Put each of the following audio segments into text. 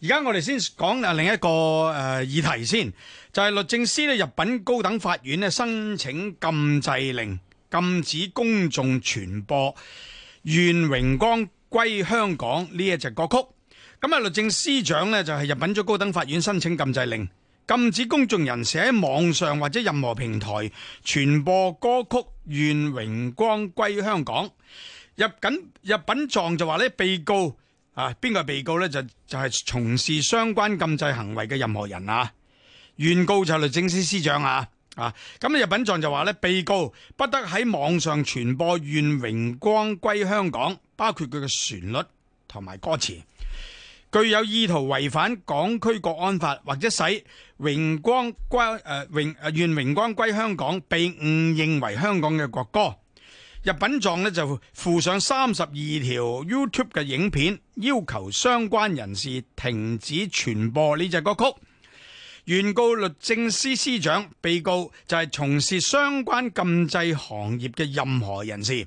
而家我哋先講啊另一個誒議題先，就係律政司呢入禀高等法院呢申請禁制令，禁止公眾傳播《願榮光歸香港》呢一隻歌曲。咁啊，律政司長呢就係入禀咗高等法院申請禁制令，禁止公眾人士喺網上或者任何平台傳播歌曲《願榮光歸香港》。入緊入禀狀就話呢，被告。啊，邊個被告呢？就就係從事相關禁制行為嘅任何人啊。原告就律政司司長啊啊。咁、啊、入稟狀就話呢，被告不得喺網上傳播《願榮光歸香港》，包括佢嘅旋律同埋歌詞，具有意圖違反港區國安法，或者使榮光歸誒榮誒《願、呃、榮、啊、光歸香港》被誤認為香港嘅國歌。入品狀呢，就附上三十二條 YouTube 嘅影片，要求相關人士停止傳播呢隻歌曲。原告律政司司長，被告就係從事相關禁制行業嘅任何人士。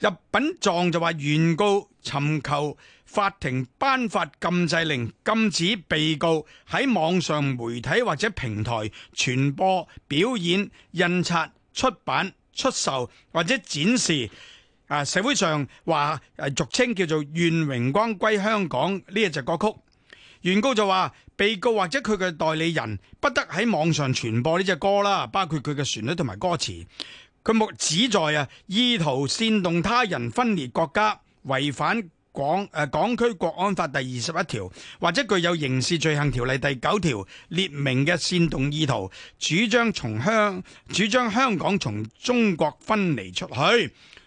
入品狀就話，原告尋求法庭頒發禁制令，禁止被告喺網上媒體或者平台傳播、表演、印刷、出版。出售或者展示啊，社會上話、啊、俗稱叫做《願榮光歸香港》呢隻歌曲，原告就話被告或者佢嘅代理人不得喺網上傳播呢隻歌啦，包括佢嘅旋律同埋歌詞，佢目旨在啊意圖煽動他人分裂國家，違反。港、呃、港區國安法第二十一條，或者具有刑事罪行條例第九條列明嘅煽動意圖，主，主張從香，主張香港從中國分離出去。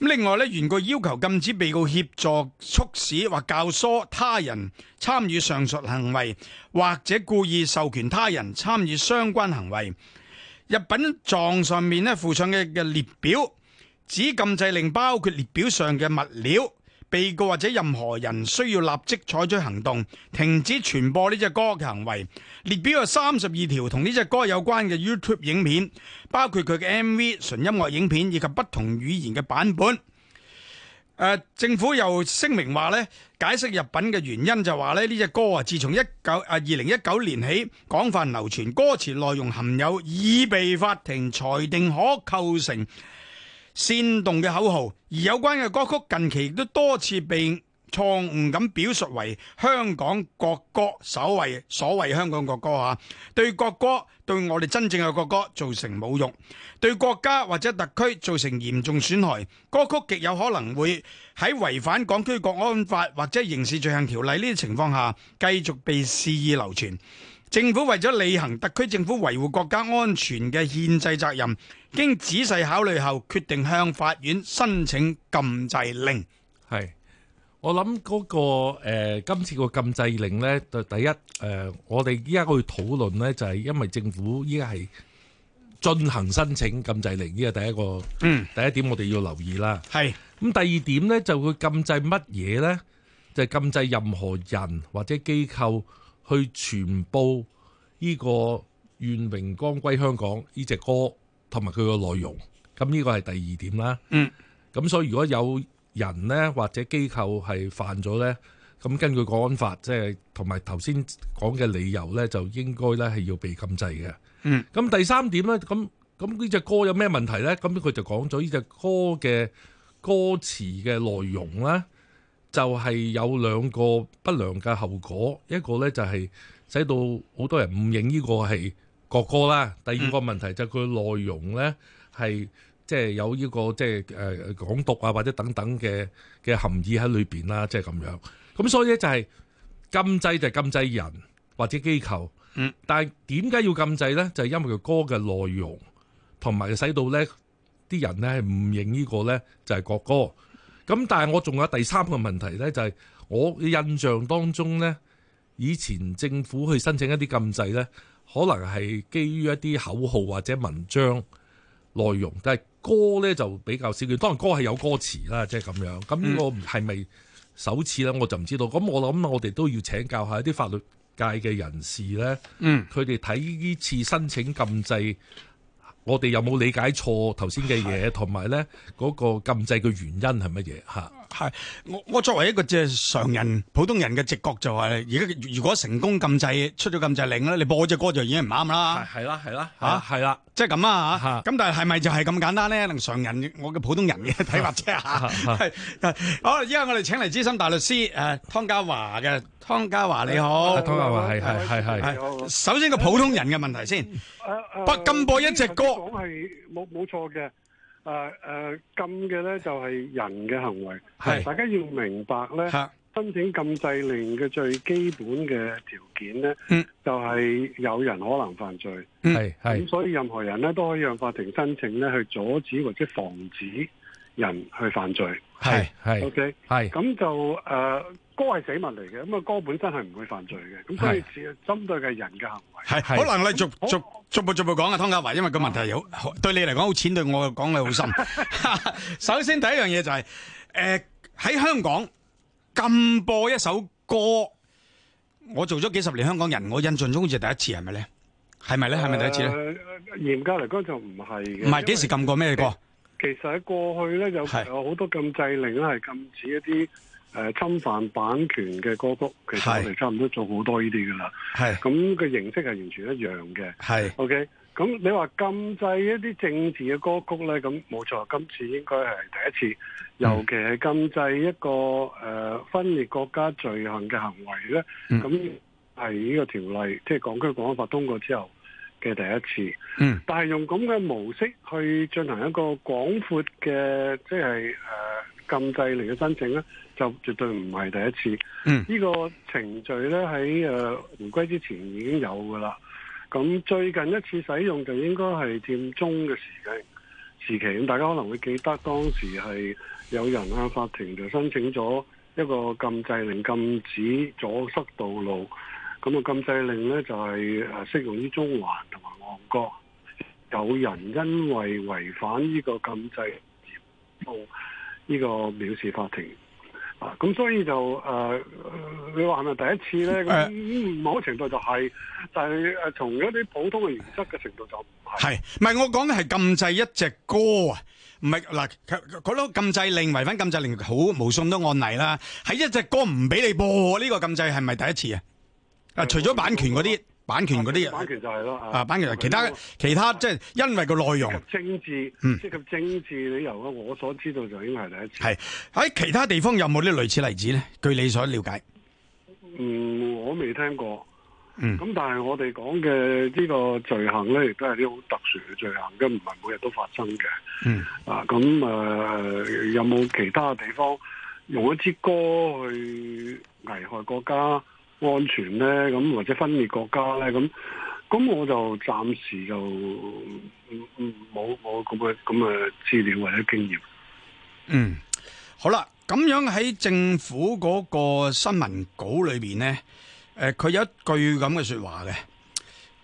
咁另外咧，原告要求禁止被告協助、促使或教唆他人參與上述行為，或者故意授權他人參與相關行為。入稟狀上面附上嘅嘅列表，指禁制令包括列表上嘅物料。被告或者任何人需要立即採取行動，停止傳播呢隻歌嘅行為。列表有三十二條同呢隻歌有關嘅 YouTube 影片，包括佢嘅 MV、純音樂影片以及不同語言嘅版本。誒，政府又聲明話咧，解釋入稟嘅原因就話咧，呢隻歌啊，自從一九啊二零一九年起廣泛流傳，歌詞內容含有已被法庭裁定可構成煽動嘅口號，而有關嘅歌曲近期亦都多次被錯誤咁表述為香港國歌所謂，所謂所謂香港國歌啊，對國歌對我哋真正嘅國歌造成侮辱，對國家或者特區造成嚴重損害。歌曲極有可能會喺違反港區國安法或者刑事罪行條例呢啲情況下，繼續被肆意流傳。政府為咗履行特區政府維護國家安全嘅憲制責任，經仔細考慮後，決定向法院申請禁制令。係，我諗嗰個誒今次個禁制令呢，就第一誒，我哋依家去討論呢，就係因為政府依家係進行申請禁制令，呢個第一個，嗯，第一點我哋要留意啦。係，咁第二點呢，就會禁制乜嘢呢？就禁制任何人或者機構。去傳播呢個《願榮光歸香港》呢隻歌同埋佢嘅內容，咁呢個係第二點啦。嗯，咁所以如果有人呢，或者機構係犯咗呢，咁根據國安法，即係同埋頭先講嘅理由呢，就應該呢係要被禁制嘅。嗯，咁第三點呢，咁咁呢隻歌有咩問題呢？咁佢就講咗呢隻歌嘅歌詞嘅內容咧。就係有兩個不良嘅後果，一個咧就係使到好多人誤認呢個係國歌啦。第二個問題就係佢內容咧係即係有呢個即係誒港獨啊或者等等嘅嘅含義喺裏面啦，即係咁樣。咁所以咧就係禁制就係禁制人或者機構。嗯。但係點解要禁制咧？就係、是、因為佢歌嘅內容同埋使到咧啲人咧係誤認呢個咧就係國歌。咁但係我仲有第三個問題呢，就係我印象當中呢，以前政府去申請一啲禁制呢，可能係基於一啲口號或者文章內容，但係歌呢就比較少見。當然歌係有歌詞啦，即係咁樣。咁呢個係咪首次呢？我就唔知道。咁我諗我哋都要請教下一啲法律界嘅人士呢，嗯，佢哋睇呢次申請禁制。我哋有冇理解錯頭先嘅嘢，同埋咧嗰個禁制嘅原因係乜嘢？嚇。係我我作為一個即係常人普通人嘅直覺就係，而家如果成功禁制出咗禁制令咧，你播隻歌就已經唔啱啦。係啦係啦吓係啦，即係咁啊吓。咁但係係咪就係咁簡單咧？能常人我嘅普通人嘅睇法啫吓。好啦，依家我哋請嚟資深大律師誒湯家驊嘅湯家驊，你好。湯家驊係係係係。首先個普通人嘅問題先，不禁播一隻歌係冇冇錯嘅。誒誒、啊啊、禁嘅咧就係、係、人嘅行為。係大家要明白咧，啊、申請禁制令嘅最基本嘅條件咧，嗯、就係有人可能犯罪。咁所以任何人咧都可以向法庭申請咧去阻止或者防止人去犯罪，係係，OK，咁係就、啊歌係死物嚟嘅，咁啊歌本身係唔會犯罪嘅，咁所以只係針對嘅人嘅行為。係可能你逐逐逐步逐步講啊，湯家驊，因為個問題又好，對你嚟講好淺，對我講係好深。首先第一樣嘢就係誒喺香港禁播一首歌，我做咗幾十年香港人，我印象中好似係第一次，係咪咧？係咪咧？係咪第一次咧？嚴格嚟講就唔係嘅。唔係幾時禁過咩歌？其實喺過去咧有好多禁制令咧，係禁止一啲。誒、呃、侵犯版權嘅歌曲，其實我哋差唔多做好多呢啲㗎喇。係咁嘅形式係完全一樣嘅。係是 OK。咁你話禁制一啲政治嘅歌曲咧，咁冇錯，今次應該係第一次，尤其係禁制一個誒、呃、分裂國家罪行嘅行為咧。咁係呢個條例，即係港區國安法通過之後嘅第一次。嗯。但係用咁嘅模式去進行一個廣闊嘅，即係誒。呃禁制令嘅申請呢，就絕對唔係第一次。呢個程序呢，喺誒回歸之前已經有㗎啦。咁最近一次使用就應該係佔中嘅時期時期。咁大家可能會記得當時係有人向法庭就申請咗一個禁制令，禁止阻塞道路。咁啊，禁制令呢，就係誒適用於中環同埋旺角。有人因為違反呢個禁制，部。呢個藐視法庭啊，咁所以就誒、呃，你話係咪第一次咧？咁、呃、某程度就係、是，但係誒從一啲普通嘅原則嘅程度就唔係。係，唔係我講嘅係禁制一隻歌啊，唔係，嗱，嗰啲禁制令、違反禁制令好無數多案例啦，喺一隻歌唔俾你播呢、呢個禁制係咪第一次啊？啊是，除咗版權嗰啲。嗯嗯嗯嗯版權嗰啲人，版權就係、是、咯，啊，版權、就是、其他、啊、其他即係、啊就是、因為個內容，涉及政治，涉及政治理由。我所知道就已經係第一次。係喺其他地方有冇啲類似例子咧？據你所了解，嗯，我未聽過，嗯，咁但係我哋講嘅呢個罪行咧，亦都係啲好特殊嘅罪行，咁唔係每日都發生嘅，嗯，啊，咁啊、呃、有冇其他地方用一支歌去危害國家？安全咧，咁或者分裂國家咧，咁咁我就暫時就唔唔冇冇咁嘅咁嘅資料或者經驗。嗯，好啦，咁樣喺政府嗰個新聞稿裏邊咧，誒，佢有一句咁嘅説話嘅，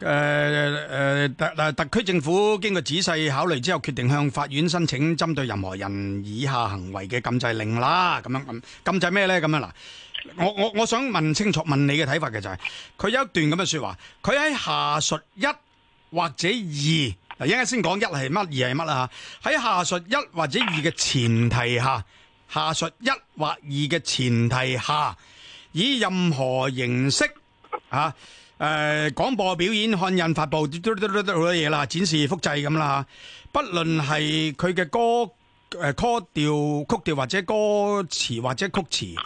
誒誒特，嗱，特區政府經過仔細考慮之後，決定向法院申請針對任何人以下行為嘅禁制令啦。咁樣咁禁制咩咧？咁樣嗱。我我我想問清楚問你嘅睇法嘅就係、是、佢有一段咁嘅說話，佢喺下述一或者二，嗱，一陣間先講一係乜，二係乜啦吓，喺下述一或者二嘅前提下，下述一或二嘅前提下，以任何形式吓，誒，廣播表演、看印發布嘟嘟嘟好多嘢啦，展示複、複製咁啦吓，不論係佢嘅歌。誒、呃，歌調、曲調或者歌詞或者曲詞，誒、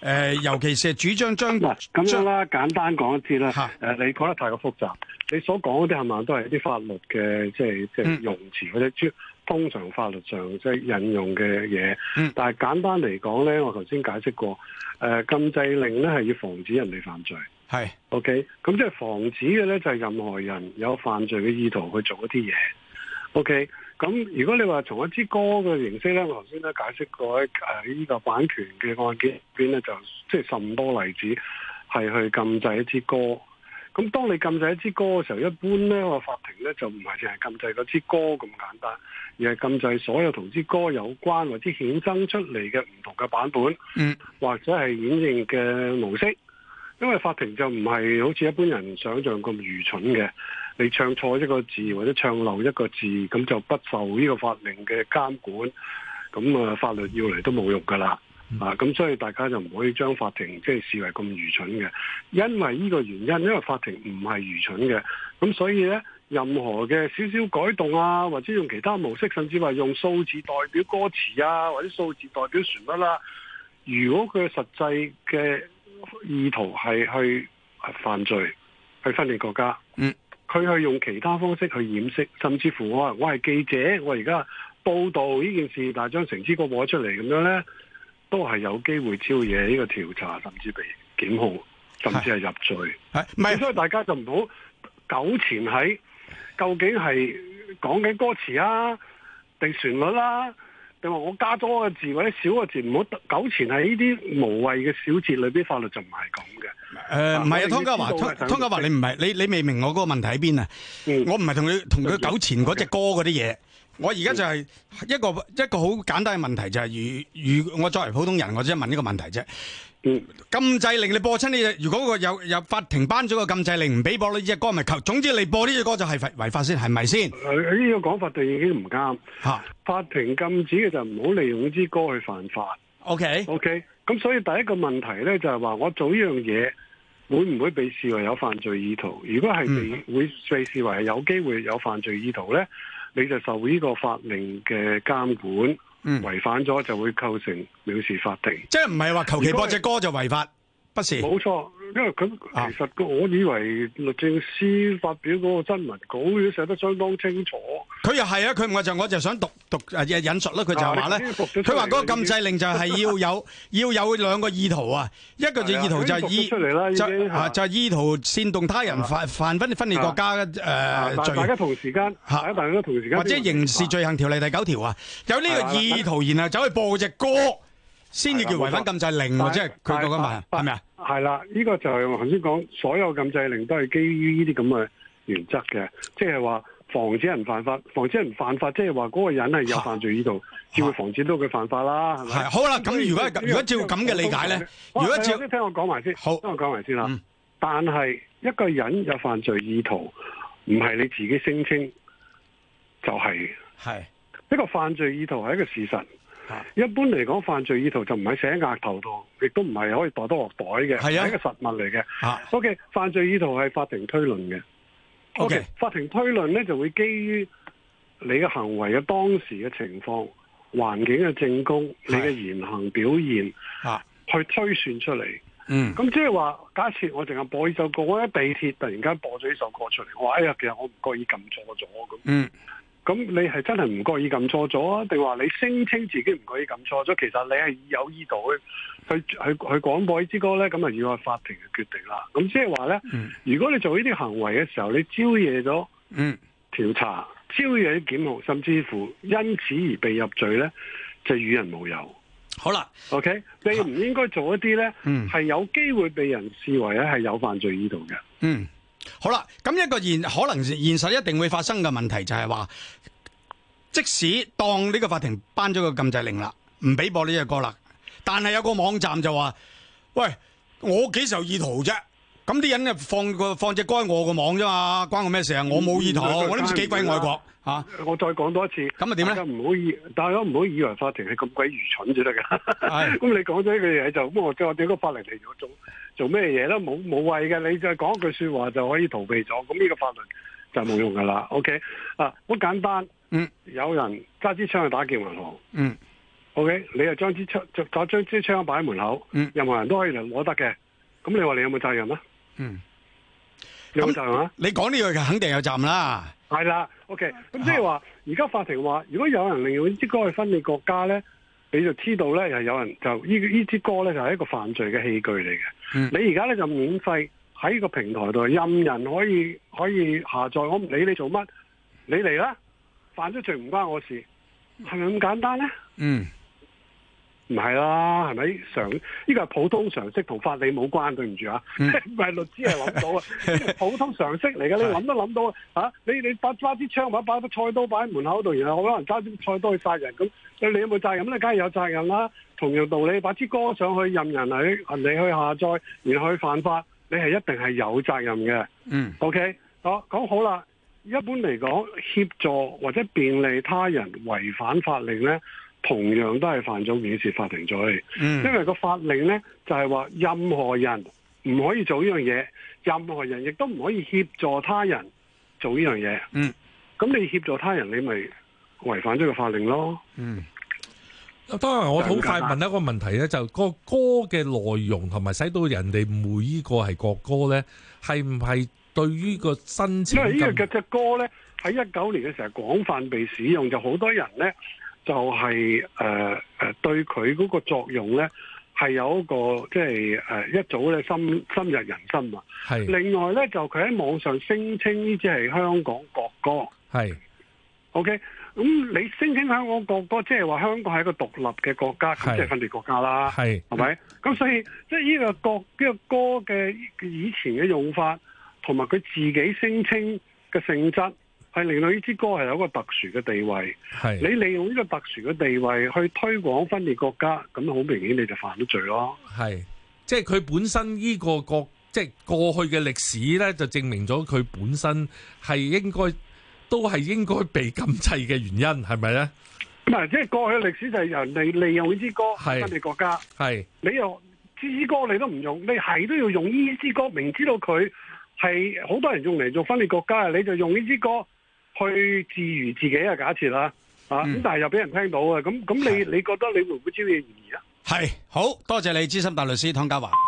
呃，尤其是係主張張律咁樣啦，張簡單講一啲啦。吓、啊，誒，你講得太過複雜，你所講嗰啲係咪都係一啲法律嘅，即係即係用詞、嗯、或者通常法律上即係引用嘅嘢。嗯、但係簡單嚟講咧，我頭先解釋過，誒、呃，禁制令咧係要防止人哋犯罪。係是。O K，咁即係防止嘅咧，就係、是、任何人有犯罪嘅意圖去做一啲嘢。O K。咁如果你話從一支歌嘅形式咧，我頭先咧解釋過喺呢個版權嘅案件入邊咧，就即係甚多例子係去禁制一支歌。咁當你禁制一支歌嘅時候，一般咧個法庭咧就唔係淨係禁制嗰支歌咁簡單，而係禁制所有同支歌有關或者衍生出嚟嘅唔同嘅版本，mm. 或者係演繹嘅模式。因為法庭就唔係好似一般人想象咁愚蠢嘅，你唱錯一個字或者唱漏一個字，咁就不受呢個法庭嘅監管，咁啊法律要嚟都冇用㗎啦。啊咁所以大家就唔可以將法庭即係視為咁愚蠢嘅，因為呢個原因，因為法庭唔係愚蠢嘅，咁所以呢，任何嘅少少改動啊，或者用其他模式，甚至話用數字代表歌詞啊，或者數字代表旋律啦，如果佢實際嘅意圖係去犯罪，去分裂國家。嗯，佢係用其他方式去掩飾，甚至乎可能我係記者，我而家報道呢件事，但係將成支歌播出嚟咁樣呢，都係有機會招惹呢個調查，甚至被檢控，甚至係入罪。係，所以大家就唔好糾纏喺究竟係講緊歌詞啊定旋律啦、啊。你話我加多個字或者少個字，唔好糾纏喺呢啲無謂嘅小節裏邊，法律就唔係咁嘅。誒、呃，唔係啊，湯家驊，湯想家驊，你唔係你你未明我嗰個問題喺邊啊？嗯、我唔係同佢同佢糾纏嗰隻歌嗰啲嘢，嗯、我而家就係一個、嗯、一個好簡單嘅問題、就是，就係如如我作為普通人，我只係問呢個問題啫。禁制令你播出呢隻，如果個有有法庭頒咗個禁制令，唔俾播你隻歌，咪求總之你播呢隻歌就係違違法先，係咪先？誒呢個講法就已經唔啱吓。啊、法庭禁止嘅就唔好利用呢支歌去犯法。O K O K。咁所以第一個問題咧就係話，我做呢樣嘢會唔會被視為有犯罪意圖？如果係、嗯、會被視為係有機會有犯罪意圖咧，你就受呢個法令嘅監管。嗯，違反咗就會構成藐視法庭，即係唔係話求其播隻歌就違法，係咪？冇錯。因為佢其實，我以為律政司發表嗰個新聞稿寫得相當清楚。佢又係啊，佢唔係就我，就係想讀讀誒引述啦。佢就話咧，佢話嗰個禁制令就係要有要有兩個意圖啊，一個就意圖就係意就就係意圖煽動他人犯犯分分裂國家誒罪。大家同時間吓，大家同時間或者刑事罪行條例第九條啊，有呢個意圖，然後走去播隻歌，先至叫違反禁制令，即係佢講緊係咪啊？係啦，呢、這個就係我頭先講，所有禁制令都係基於呢啲咁嘅原則嘅，即係話防止人犯法，防止人犯法，即係話嗰個人係有犯罪意圖，只哈會防止到佢犯法啦。係咪哈？係好啦，咁如果，以如，果如果照咁嘅理解咧，如果照、哎、聽我講埋先，好，聽我講埋先啦。嗯、但係一個人有犯罪意圖，唔係你自己聲稱、就係，就係係一個犯罪意圖係一個事實。一般嚟講，犯罪意圖就唔係寫喺額頭度，亦都唔係可以袋得落袋嘅，係的一個實物嚟嘅。啊、o、okay, K，犯罪意圖係法庭推論嘅。O Okay. K，、okay, 法庭推論咧就會基於你嘅行為嘅當時嘅情況、環境嘅證供、你嘅言行表現，的去推算出嚟。嗯，咁即係話，假設我淨係播呢首歌，我喺地鐵突然間播咗呢首歌出嚟，我話哎呀，其實我唔覺意撳錯咗咁。嗯咁你係真係唔覺意撳錯咗啊？定話你聲稱自己唔覺意撳錯咗，其實你係有意圖去去去廣播之呢去廣過呢支歌咧？咁啊，要靠法庭嘅決定啦。咁即係話咧，嗯、如果你做呢啲行為嘅時候，你招惹咗調查、招惹、嗯、檢控，甚至乎因此而被入罪咧，就與人無尤。好啦，OK，你唔應該做一啲咧，係有機會被人視為咧係有犯罪意圖嘅。嗯。好啦，咁一個現可能現實一定會發生嘅問題就係話，即使當呢個法庭頒咗個禁制令啦，唔俾播呢隻歌啦，但係有個網站就話，喂，我幾受意圖啫？咁啲人咧，放個放隻歌喺我個網啫嘛、啊，關我咩事啊？我冇意圖，嗯嗯嗯嗯、我都唔知幾鬼愛國吓。啊、我再講多一次，咁啊點咧？唔好以，大家唔好以為法庭係咁鬼愚蠢就得噶。咁的你講咗呢句嘢就，咁我我哋個法律嚟做做咩嘢咧？冇冇謂嘅，你就講一句說話就可以逃避咗。咁呢個法律就冇用噶啦。OK 啊，好簡單。嗯，有人揸支槍去打劫銀行。嗯，OK，你又將支槍就將支槍擺喺門口，嗯、任何人都可以嚟攞得嘅。咁你話你有冇責任啊？嗯，有站啊！那你講呢樣肯定有站啦，係啦。OK，咁即係話，而家、哦、法庭話，如果有人利用呢支歌去分裂國家呢，你就知道呢，有人就呢呢支歌呢，就係一個犯罪嘅器具嚟嘅。嗯、你而家呢，就免費喺個平台度任人可以可以下載，我唔理你做乜，你嚟啦，犯咗罪唔關我事，係咪咁簡單呢？嗯。唔係啦，係咪常？呢，這個係普通常識，同法理冇關，對唔住啊！唔係、嗯、 律師係諗到啊， 普通常識嚟嘅，你諗都諗到啊！嚇你你把揸支槍或者把菜刀擺喺門口度，然後好多人揸支菜刀去殺人，咁你，你有冇責任咧？梗係有責任啦，啊！同樣道理，把支歌上去任人去，你去下載，然後去犯法，你係一定係有責任嘅。嗯，OK，好講好啦。一般嚟講，協助或者便利他人違反法令咧。同樣都係犯咗藐視法庭罪，嗯、因為個法令咧就係、是、話任何人唔可以做呢樣嘢，任何人亦都唔可以協助他人做呢樣嘢。嗯，咁你協助他人，你咪違反咗個法令咯。嗯，啊，當然我好快問一個問題咧，就是、個歌嘅內容同埋使到人哋每一個係國歌咧，係唔係對於個新？因為個的呢個嘅隻歌咧，喺一九年嘅時候廣泛被使用，就好多人咧。就係誒誒對佢嗰個作用咧，係有一個即係、就是呃、一早咧深深入人心啊！是另外咧，就佢喺網上聲稱呢隻係香港國歌係。是 OK，咁你聲稱香港國歌，即係話香港係一個獨立嘅國家，咁即係分裂國家啦，係咪是？咁所以即係呢個國呢、這個歌嘅以前嘅用法，同埋佢自己聲稱嘅性質。係令到呢支歌係有一個特殊嘅地位，係是你利用呢個特殊嘅地位去推廣分裂國家，咁好明顯你就犯咗罪咯。係即係佢本身呢個國，即係過去嘅歷史咧，就證明咗佢本身係應該都係應該被禁制嘅原因，係咪咧？唔係，即係過去嘅歷史就係人哋利用呢支歌分裂國家。係你又支歌你都唔用，你係都要用呢支歌，明知道佢係好多人用嚟做分裂國家，你就用呢支歌，去自娛自己嘅假設啦，啊咁，嗯、但係又俾人聽到啊！咁咁，你的你覺得你會唔會招致嫌疑啊？係，好多謝你，資深大律師湯家驊。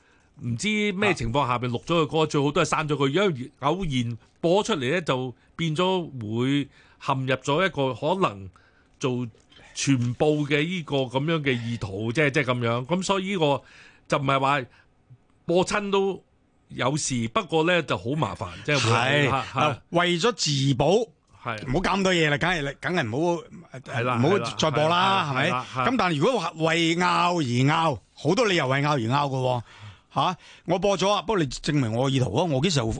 唔知咩情況下邊錄咗個歌，啊、最好都係刪咗佢。因為偶然播出嚟咧，就變咗會陷入咗一個可能做傳播嘅依個咁樣嘅意圖，即係即係咁樣。咁所以呢個就唔係話播親都有事，不過咧就好麻煩。即係係為咗自保，係唔好搞咁多嘢啦，梗係你梗係唔好，係啦，唔好的再播啦，係咪的？咁但係如果話為拗而拗，好多理由為拗而拗嘅喎。吓、啊！我播咗啊，不過你證明我意圖啊，我幾時我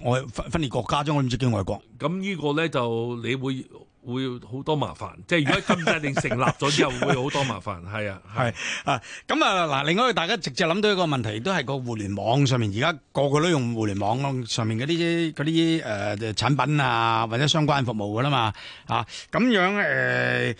分裂國家咗，我唔知叫外國。咁呢個咧就你會會好多麻煩，即係如果禁制令成立咗之後， 會好多麻煩。係啊，係啊，咁啊嗱，另外大家直接諗到一個問題，都係個互聯網上面，而家個個都用互聯網上面嗰啲嗰啲誒產品啊，或者相關服務噶啦嘛，啊，咁樣誒。呃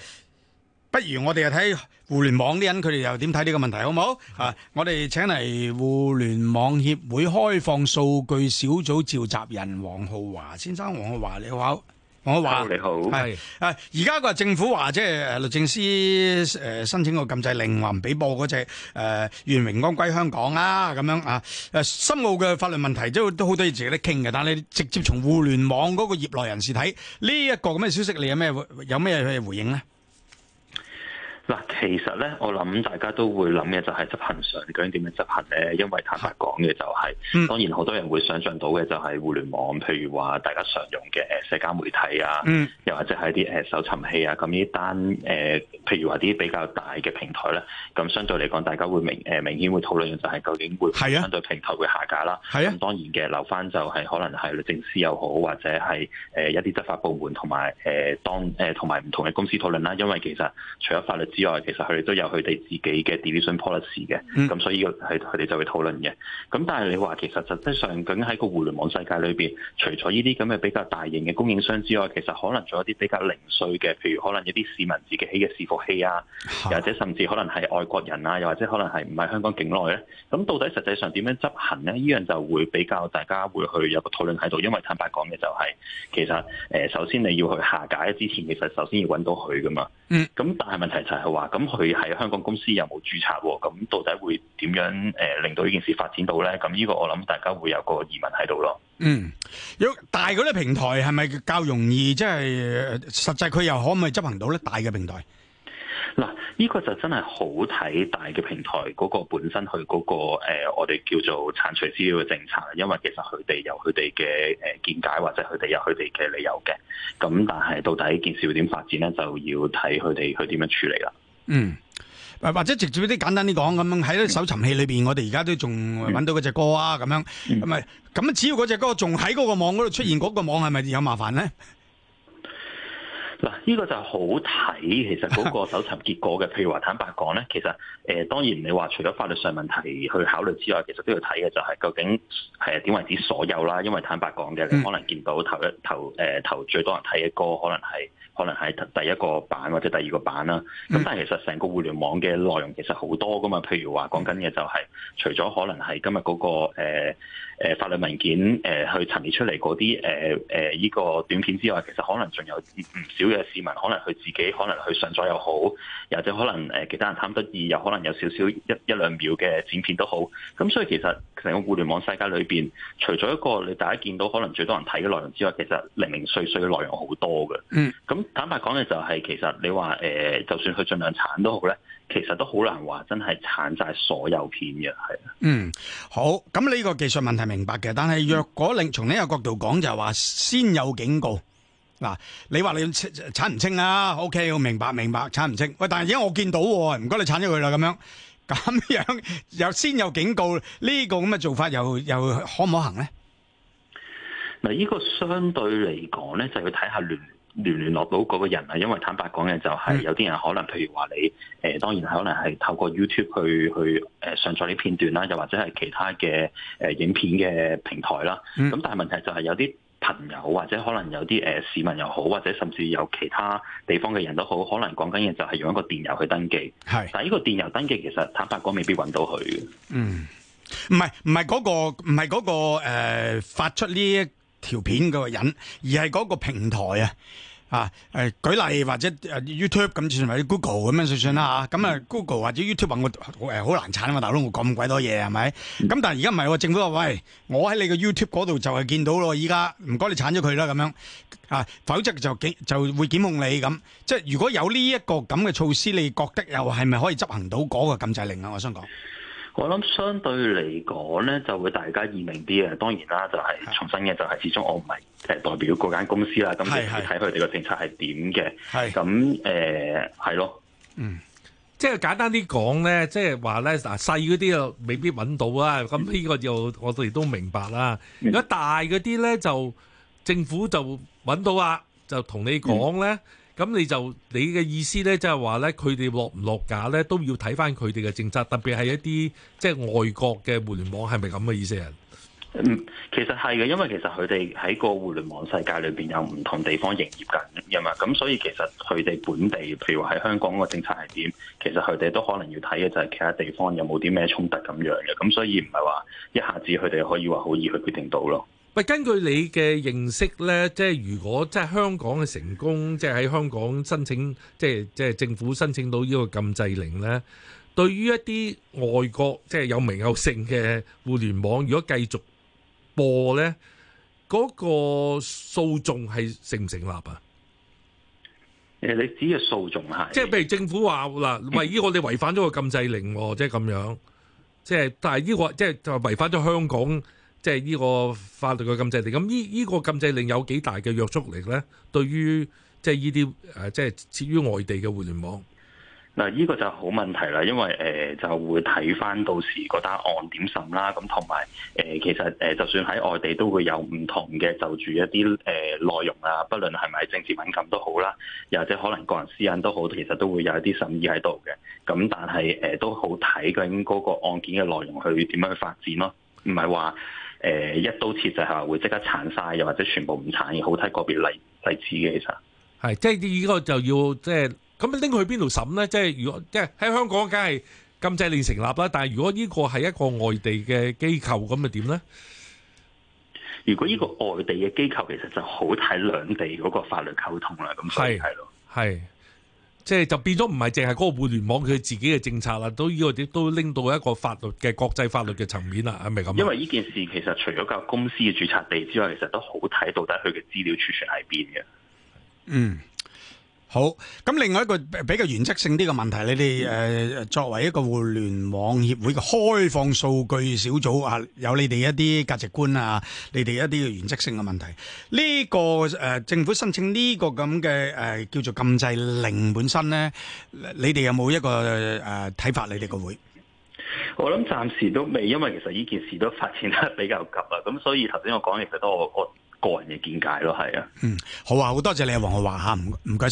不如我哋又睇互聯網啲人，佢哋又點睇呢個問題好唔好？嗯、啊！我哋請嚟互聯網協會開放數據小組召集人黃浩華先生，黃浩華你好，黃浩華、啊、你好，係。誒、啊，而家個政府話即係律政司誒、呃、申請個禁制令，話唔俾播嗰隻誒願榮光歸香港啊咁樣啊。誒、啊，深奧嘅法律問題，即都好多嘢自己咧傾嘅。但係你直接從互聯網嗰個業內人士睇呢一個咁嘅消息，你有咩有咩去回應呢？嗱，其實咧，我諗大家都會諗嘅就係執行上，究竟點樣執行咧？因為坦白講嘅就係、是，當然好多人會想象到嘅就係互聯網，譬如話大家常用嘅誒社交媒體啊，又或者係啲誒搜尋器啊，咁呢單誒、呃，譬如話啲比較大嘅平台咧，咁相對嚟講，大家會明誒、呃、明顯會討論嘅就係究竟會唔會相對平台會下架啦？係啊，咁當然嘅留翻就係可能係律政司又好，或者係誒一啲執法部門同埋、呃、同埋誒當誒同埋唔同嘅公司討論啦。因為其實除咗法律之外，之外，其實佢哋都有佢哋自己嘅 division policy 嘅，咁所以個係佢哋就會討論嘅。咁但係你話其實實際上，緊喺個互聯網世界裏邊，除咗呢啲咁嘅比較大型嘅供應商之外，其實可能仲有啲比較零碎嘅，譬如可能一啲市民自己起嘅伺服器啊，又或者甚至可能係外國人啊，又或者可能係唔喺香港境內咧。咁到底實際上點樣執行咧？依樣就會比較大家會去有個討論喺度，因為坦白講嘅就係、是、其實誒，首先你要去下架之前，其實首先要揾到佢㗎嘛。嗯。咁但係問題就係、是話，咁佢喺香港公司有冇註冊？咁到底會點樣誒、呃、令到呢件事發展到呢？咁呢個我諗大家會有個疑問喺度咯。嗯，有大嗰啲平台係咪較容易？即係實際佢又可唔可以執行到呢？大嘅平台嗱，呢個就真係好睇大嘅平台嗰、個本身佢嗰、個誒、呃，我哋叫做鏟除資料嘅政策。因為其實佢哋有佢哋嘅誒見解或者佢哋有佢哋嘅理由嘅。咁但係到底件事會點發展呢？就要睇佢哋去點樣處理啦。嗯，或者直接啲簡單啲講咁樣，喺啲搜尋器裏邊，我哋而家都仲揾到嗰隻歌啊咁樣，咁啊、嗯，咁只要嗰隻歌仲喺嗰個網嗰度出現，嗰、嗯、個網係咪有麻煩咧？嗱，呢個就係好睇，其實嗰個搜尋結果嘅，譬如話坦白講咧，其實誒當然你話除咗法律上問題去考慮之外，其實都要睇嘅就係究竟係點、呃、為止所有啦。因為坦白講嘅，你可能見到頭一頭誒頭最多人睇嘅歌，可能係可能係第一個版或者第二個版啦。咁但係其實成個互聯網嘅內容其實好多噶嘛。譬如話講緊嘅就係、是，除咗可能係今日嗰、那個誒、呃呃、法律文件誒、呃、去陳列出嚟嗰啲誒誒呢個短片之外，其實可能仲有唔、呃、少。嘅市民可能佢自己可能去上咗又好，又或者可能、呃、其他人貪得意，又可能有少少一一兩秒嘅剪片都好。咁所以其實成個互聯網世界裏邊，除咗一個你大家見到可能最多人睇嘅內容之外，其實零零碎碎嘅內容好多嘅。嗯，咁坦白講、就是，嘅就係其實你話、呃、就算佢盡量鏟都好咧，其實都好難話真係鏟晒所有片嘅，係。嗯，好。咁呢個技術問題明白嘅，但係若果另、嗯、從呢個角度講，就係、是、話先有警告。嗱，你話你鏟唔清啊？OK，我明白明白，鏟唔清。喂，但係而家我見到，唔該你鏟咗佢啦，咁樣，咁樣又先有警告，呢個咁嘅做法又，又又可唔可行咧？嗱，呢個相對嚟講咧，就要睇下聯聯聯絡到嗰個人啊。因為坦白講嘅就係，有啲人可能，譬如話你，誒、呃，當然係可能係透過 YouTube 去去誒、呃、上載啲片段啦，又或者係其他嘅誒、呃、影片嘅平台啦。咁但係問題就係有啲。朋友或者可能有啲誒市民又好，或者甚至有其他地方嘅人都好，可能講緊嘢，就係用一個電郵去登記。係，但係呢個電郵登記，其實坦白講未必揾到佢嘅。嗯，唔係唔係嗰個唔係嗰個誒發出呢條片嘅人，而係嗰個平台啊。啊，誒舉例或者 YouTube 咁算，或者 Google 咁樣算算啦嚇。咁啊 Google 或者或者 YouTube 話我誒好難鏟啊嘛，大佬我咁鬼多嘢係咪？咁但係而家唔係，政府話喂，我喺你個 YouTube 嗰度就係見到咯，依家唔該你鏟咗佢啦咁樣啊，否則就就會檢控你咁。即係如果有呢、這、一個咁嘅措施，你覺得又係咪可以執行到嗰個禁制令啊？我想講。我諗相對嚟講咧，就會大家易明啲嘅。當然啦，就係、是、重新嘅，就係、是、始終我唔係誒代表嗰間公司啦。咁係睇佢哋嘅政策係點嘅。係咁誒，係、呃、咯。嗯，即係簡單啲講咧，即係話咧嗱，細嗰啲又未必搵到啊。咁呢個又我哋都明白啦。如果大嗰啲咧，就政府就搵到啊，就同你講咧。嗯咁你就你嘅意思咧，即係話咧，佢哋落唔落架咧，都要睇返佢哋嘅政策，特別係一啲即係外國嘅互聯網係咪咁嘅意思啊？嗯，其實係嘅，因為其實佢哋喺個互聯網世界裏邊有唔同地方營業緊，係嘛，咁所以其實佢哋本地，譬如話喺香港個政策係點，其實佢哋都可能要睇嘅就係其他地方有冇啲咩衝突咁樣嘅，咁所以唔係話一下子佢哋可以話好易去決定到咯。唔係，根據你嘅認識呢，即係如果即係香港嘅成功，即係喺香港申請，即係即係政府申請到呢個禁制令呢，對於一啲外國即係有名有姓嘅互聯網，如果繼續播呢，嗰個訴訟係成唔成立啊？誒，你指嘅訴訟係即係譬如政府話嗱，為呢個我哋違反咗個禁制令，即係咁樣，即係但係呢個即係就違反咗香港。即係呢個法律嘅禁制令，咁呢呢個禁制令有幾大嘅約束力咧？對於即係呢啲誒，即係設於外地嘅互聯網嗱，呢個就好問題啦。因為誒、呃、就會睇返到時嗰單案點審啦，咁同埋誒其實誒、呃、就算喺外地都會有唔同嘅就住一啲誒、呃、內容啊，不論係咪政治敏感都好啦，又或者可能個人私隱都好，其實都會有一啲審議喺度嘅。咁但係誒、呃、都好睇究竟嗰個案件嘅內容去點樣去發展咯，唔係話。誒、呃、一刀切就係話會即刻鏟晒，又或者全部唔鏟，好睇個別例例子嘅其實係，即係呢個就要即係咁拎去邊度審咧？即係如果即係喺香港，梗係禁制令成立啦。但係如果呢個係一個外地嘅機構，咁咪點咧？如果呢個外地嘅機構其實就好睇兩地嗰個法律溝通啦。咁所以係咯，係。即係就變咗唔係淨係嗰個互聯網佢自己嘅政策啦，都呢個都拎到一個法律嘅國際法律嘅層面啦，係咪咁啊？因為呢件事其實除咗嗰個公司嘅註冊地之外，其實都好睇到底佢嘅資料儲存喺邊嘅。嗯。好，咁另外一個比較原則性啲嘅問題，你哋誒、呃、作為一個互聯網協會嘅開放數據小組啊，有你哋一啲價值觀啊，你哋一啲嘅原則性嘅問題，呢、這個誒、呃、政府申請呢個咁嘅誒叫做禁制令本身咧，你哋有冇一個誒睇、呃、法？你哋個會，我諗暫時都未，因為其實呢件事都發展得比較急啊，咁所以頭先我講嘅都係我個個人嘅見解咯，係啊。嗯，好啊，好多謝你啊，黃浩華吓，唔唔該。